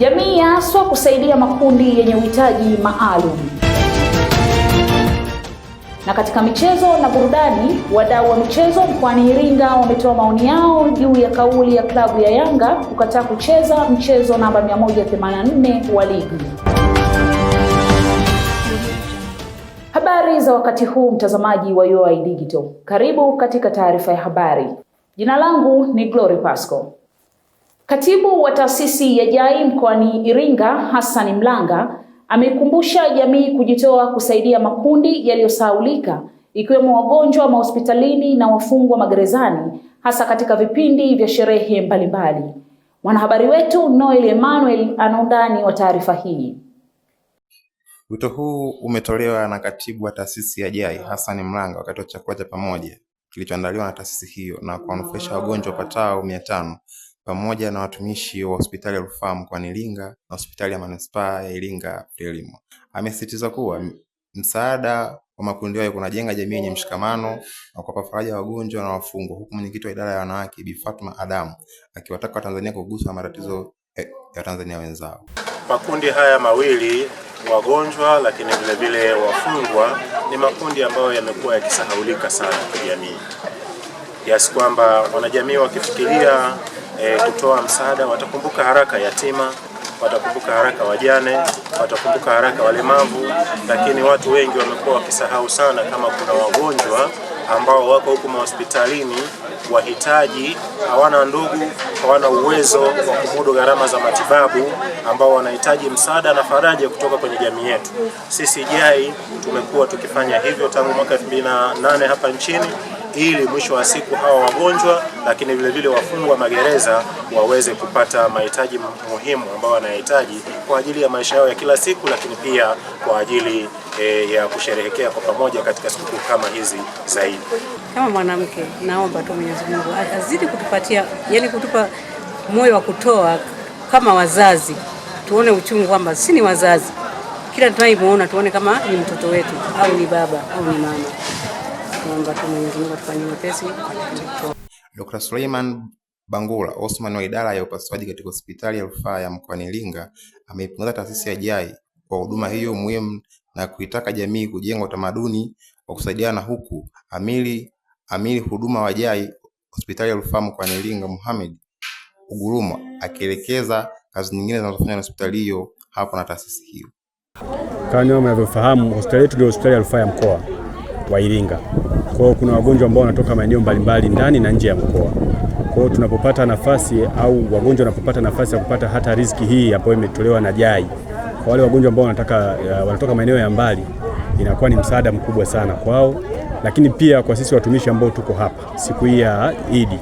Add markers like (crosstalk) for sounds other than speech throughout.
Jamii yaaswa kusaidia makundi yenye uhitaji maalum. Na katika michezo na burudani, wadau wa michezo mkoani Iringa wametoa maoni yao juu ya kauli ya klabu ya Yanga kukataa kucheza mchezo namba 184 wa ligi. Habari za wakati huu, mtazamaji wa UoI Digital, karibu katika taarifa ya habari. Jina langu ni Glory Pasco. Katibu wa taasisi ya JAI mkoani Iringa, Hassan Mlanga, ameikumbusha jamii kujitoa kusaidia makundi yaliyosahaulika ikiwemo wagonjwa mahospitalini na wafungwa magerezani hasa katika vipindi vya sherehe mbalimbali. Mwanahabari wetu Noel Emmanuel ana undani wa taarifa hii. Wito huu umetolewa na katibu wa taasisi ya JAI Hassan Mlanga wakati wa chakula cha pamoja kilichoandaliwa na taasisi hiyo na kuwanufaisha wagonjwa wapatao mia tano pamoja na watumishi wa hospitali ya rufaa mkoani Iringa na hospitali ya manispaa ya Iringa Frelimo. Amesisitiza kuwa msaada wa makundi hayo kunajenga jamii yenye mshikamano na kuwapa faraja wagonjwa na wafungwa, huku mwenyekiti wa idara ya wanawake Bi Fatuma Adamu akiwataka Watanzania kuguswa matatizo eh, ya tanzania wenzao. Makundi haya mawili wagonjwa, lakini vile vile wafungwa, ni makundi ambayo yamekuwa yakisahaulika sana kwa jamii, kiasi kwamba wanajamii wakifikiria e, kutoa msaada. Watakumbuka haraka yatima, watakumbuka haraka wajane, watakumbuka haraka walemavu, lakini watu wengi wamekuwa wakisahau sana kama kuna wagonjwa ambao wako huku mahospitalini wahitaji hawana ndugu, hawana uwezo wa kumudu gharama za matibabu, ambao wanahitaji msaada na faraja kutoka kwenye jamii yetu. Sisi JAI tumekuwa tukifanya hivyo tangu mwaka 2008 hapa nchini ili mwisho wa siku hawa wagonjwa, lakini vilevile wafungwa magereza waweze kupata mahitaji muhimu ambayo wanayahitaji kwa ajili ya maisha yao ya kila siku, lakini pia kwa ajili e, ya kusherehekea kwa pamoja katika sikukuu kama hizi zaidi. Kama mwanamke, naomba tu Mwenyezi Mungu azidi kutupatia, yani kutupa moyo wa kutoa kama wazazi, tuone uchungu kwamba si ni wazazi kila tunayemwona tuone kama ni mtoto wetu au ni baba au ni mama naomba tu Mwenyezi Mungu atufanyie wepesi. Dr. Suleiman Bangula, Osman wa idara ya upasuaji katika hospitali ya rufaa ya mkoani Iringa, ameipongeza taasisi ya JAI kwa huduma hiyo muhimu na kuitaka jamii kujenga utamaduni wa kusaidiana, huku amili amili huduma wa JAI hospitali ya rufaa mkoani Iringa Mohamed Uguruma akielekeza kazi nyingine zinazofanywa na hospitali hiyo hapo na taasisi hiyo. Kama mnavyofahamu, hospitali yetu ni hospitali ya rufaa ya mkoa wa Iringa. Kwa hiyo kuna wagonjwa ambao wanatoka maeneo mbalimbali ndani na nje ya mkoa. Kwa hiyo tunapopata nafasi au wagonjwa wanapopata nafasi ya kupata hata riziki hii ambayo imetolewa na JAI kwa wale wagonjwa ambao wanataka uh, wanatoka maeneo ya mbali, inakuwa ni msaada mkubwa sana kwao, lakini pia kwa sisi watumishi ambao tuko hapa siku hii ya Idi,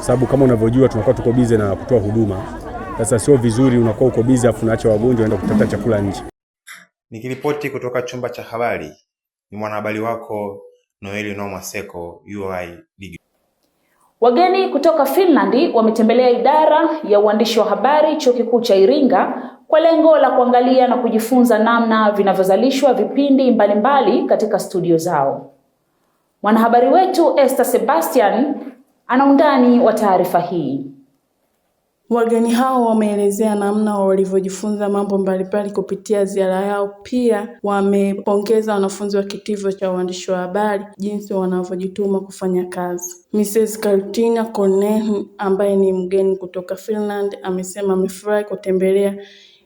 sababu kama unavyojua tunakuwa tuko bize na kutoa huduma. Sasa sio vizuri unakuwa uko bize afu unaacha wagonjwa waenda kutafuta chakula nje. Nikiripoti kutoka chumba cha habari ni mwanahabari wako Noeli Seko UoI Digital. Wageni kutoka Finland wametembelea idara ya uandishi wa habari Chuo Kikuu cha Iringa kwa lengo la kuangalia na kujifunza namna vinavyozalishwa vipindi mbalimbali mbali katika studio zao. Mwanahabari wetu Esther Sebastian ana undani wa taarifa hii. Wageni hao wameelezea namna walivyojifunza mambo mbalimbali kupitia ziara yao. Pia wamepongeza wanafunzi wa kitivo cha uandishi wa habari jinsi wanavyojituma kufanya kazi. Mrs. kartina Konen ambaye ni mgeni kutoka Finland amesema amefurahi kutembelea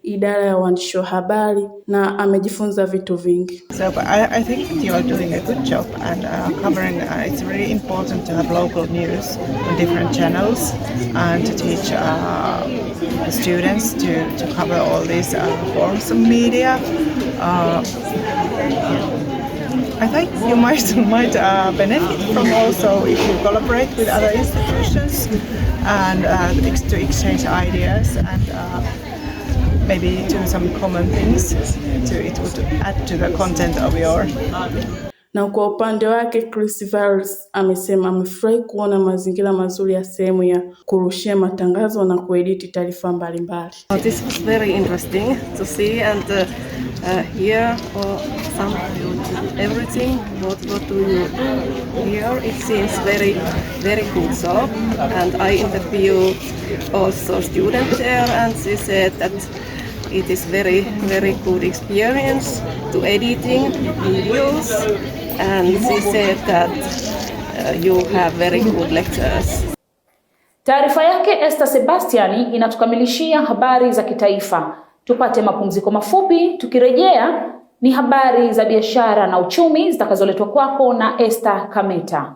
idara ya uandishi wa habari na amejifunza vitu vingi. So, I, I think you are doing a good job and uh, covering uh, it's really important to have local news on different channels and to teach uh, students to, to cover all these forms of media. I think you might (laughs) might benefit from also if you collaborate with other institutions and to exchange ideas and maybe do some common things so it would add to the content of your na kwa upande wake Chris Virus amesema amefurahi kuona mazingira mazuri ya sehemu ya kurushia matangazo na kuediti taarifa mbalimbali. Oh, this was very interesting to see and uh, uh, hear some everything what what do you here? it seems very very good job and I interviewed also students there and they said that it is very very good experience to editing videos and she said that uh, you have very good lectures. Taarifa yake Esther Sebastiani inatukamilishia habari za kitaifa. Tupate mapumziko mafupi, tukirejea ni habari za biashara na uchumi zitakazoletwa kwako na Esther Kameta.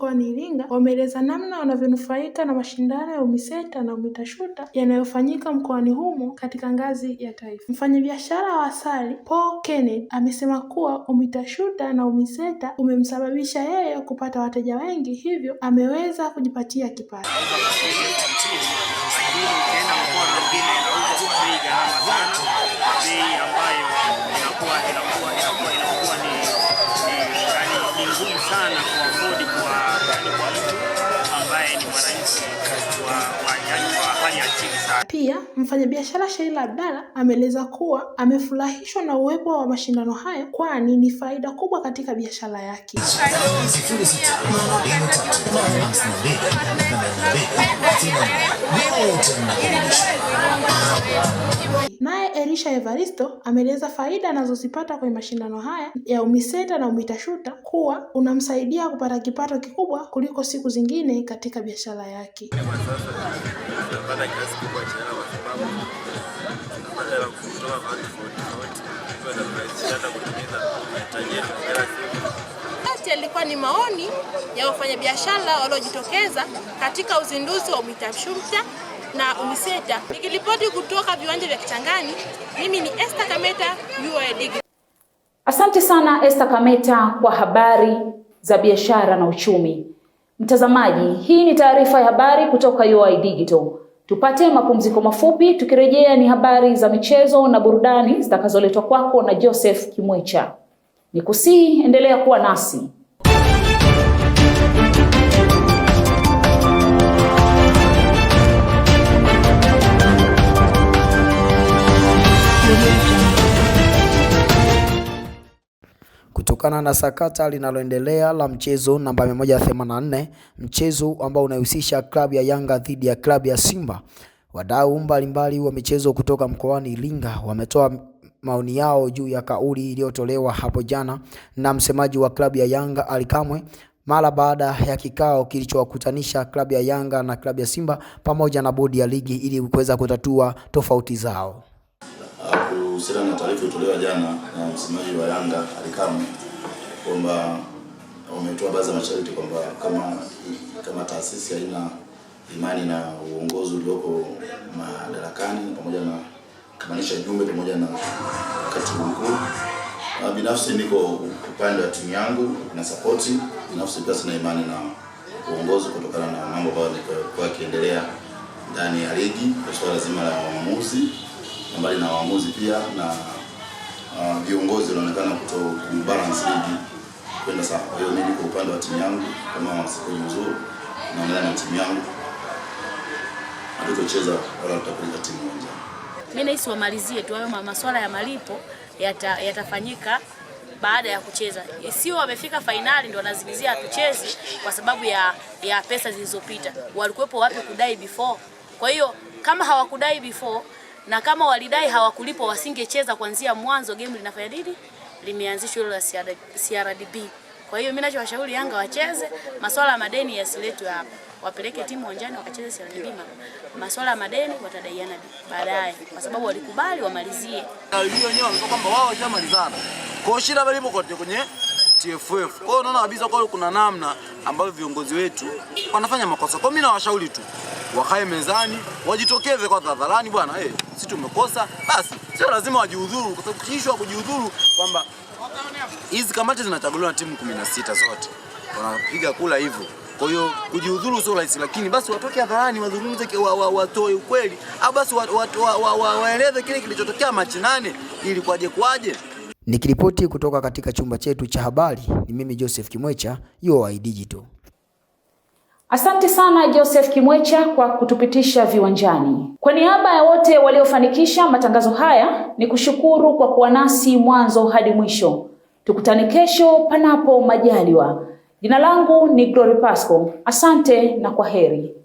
mkoani Iringa wameeleza namna wanavyonufaika na mashindano ya UMISETA na UMITASHUTA yanayofanyika mkoani humo katika ngazi ya taifa. Mfanyabiashara wa asali Paul Kennedy amesema kuwa UMITASHUTA na UMISETA umemsababisha yeye kupata wateja wengi, hivyo ameweza kujipatia kipato. Pia mfanyabiashara Sheila Abdalla ameeleza kuwa amefurahishwa na uwepo wa mashindano haya kwani ni faida kubwa katika biashara yake. Naye Elisha Evaristo ameeleza faida anazozipata kwenye mashindano haya ya UMISETA na UMITASHUTA kuwa unamsaidia kupata kipato kikubwa kuliko siku zingine katika biashara yake tunapata kiasi cha hela kwa sababu tunapata hela kutoka kwa watu tofauti tofauti, kutimiza mahitaji yetu kila siku yalikuwa ni maoni ya wafanyabiashara waliojitokeza katika uzinduzi wa UMITAMSHUMTA na UMISETA. Nikiripoti kutoka viwanja vya Kitangani, mimi ni Esther Kameta, UoI Asante sana Esther Kameta kwa habari za biashara na uchumi. Mtazamaji, hii ni taarifa ya habari kutoka UoI Digital. Tupate mapumziko mafupi, tukirejea ni habari za michezo na burudani zitakazoletwa kwako na Joseph Kimwecha. Nikusihi endelea kuwa nasi. kutokana na sakata linaloendelea la mchezo namba 184, mchezo ambao unahusisha klabu ya Yanga dhidi ya klabu ya Simba. Wadau mbalimbali wa michezo kutoka mkoani Iringa wametoa maoni yao juu ya kauli iliyotolewa hapo jana na msemaji wa klabu ya Yanga Ally Kamwe mara baada ya kikao kilichowakutanisha klabu ya Yanga na klabu ya Simba pamoja na bodi ya ligi ili kuweza kutatua tofauti zao kuhusiana na taarifa iliyotolewa jana na msemaji wa Yanga Alikamwe kwamba wametoa baadhi ya masharti kwamba kama kama taasisi haina imani na uongozi ulioko madarakani pamoja na kamanisha jumbe pamoja na katibu mkuu. Binafsi niko upande wa timu yangu na sapoti binafsi, pia sina imani na uongozi kutokana na mambo ambayo yalikuwa yakiendelea ndani ya ligi kwa suala zima la maamuzi mbali na waamuzi pia na ah, viongozi uh, wanaonekana kuto kubalance ligi kwenda sawa. Kwa hiyo mimi kwa upande wa timu yangu kama sikuwa mzuri, naongea na timu yangu hatutocheza wala tutapeleka timu moja. Mimi nahisi wamalizie tu hayo masuala ya malipo yatafanyika yata baada ya kucheza, sio wamefika fainali ndio wanazimizia hatuchezi kwa sababu ya, ya pesa zilizopita. Walikuwepo wapi kudai before? Kwa hiyo kama hawakudai before na kama walidai hawakulipwa wasingecheza kuanzia mwanzo, game linafanya nini, limeanzishwa hilo la CRDB. Kwa hiyo mimi nachowashauri Yanga wacheze, masuala ya madeni yasiletwe hapa, wapeleke timu uwanjani wakacheze CRDB. Masuala ya madeni watadaiana baadaye, kwa sababu walikubali wamalizie kwamba wao kwa shida bali kwenye TFF. Kwa hiyo unaona kabisa kwa kuna namna ambayo viongozi wetu wanafanya makosa. Kwa mimi nawashauri tu wakae mezani, wajitokeze kwa hadharani, bwana eh, si tumekosa basi. Sio lazima wajihudhuru, kwa sababu kishwa kujihudhuru kwamba hizi kamati zinachaguliwa na timu 16 zote wanapiga kula hivyo. Kwa hiyo kujihudhuru sio rahisi, lakini basi watoke hadharani wazungumze, wa, wa, watoe ukweli au basi waeleze wa, wa, kile kilichotokea Machi nane ili kwaje kwaje. Nikiripoti kutoka katika chumba chetu cha habari, ni mimi Joseph Kimwecha, UoI Digital. Asante sana Joseph Kimwecha kwa kutupitisha viwanjani. Kwa niaba ya wote waliofanikisha matangazo haya, ni kushukuru kwa kuwa nasi mwanzo hadi mwisho. Tukutane kesho panapo majaliwa. Jina langu ni Glory Pasco. Asante na kwa heri.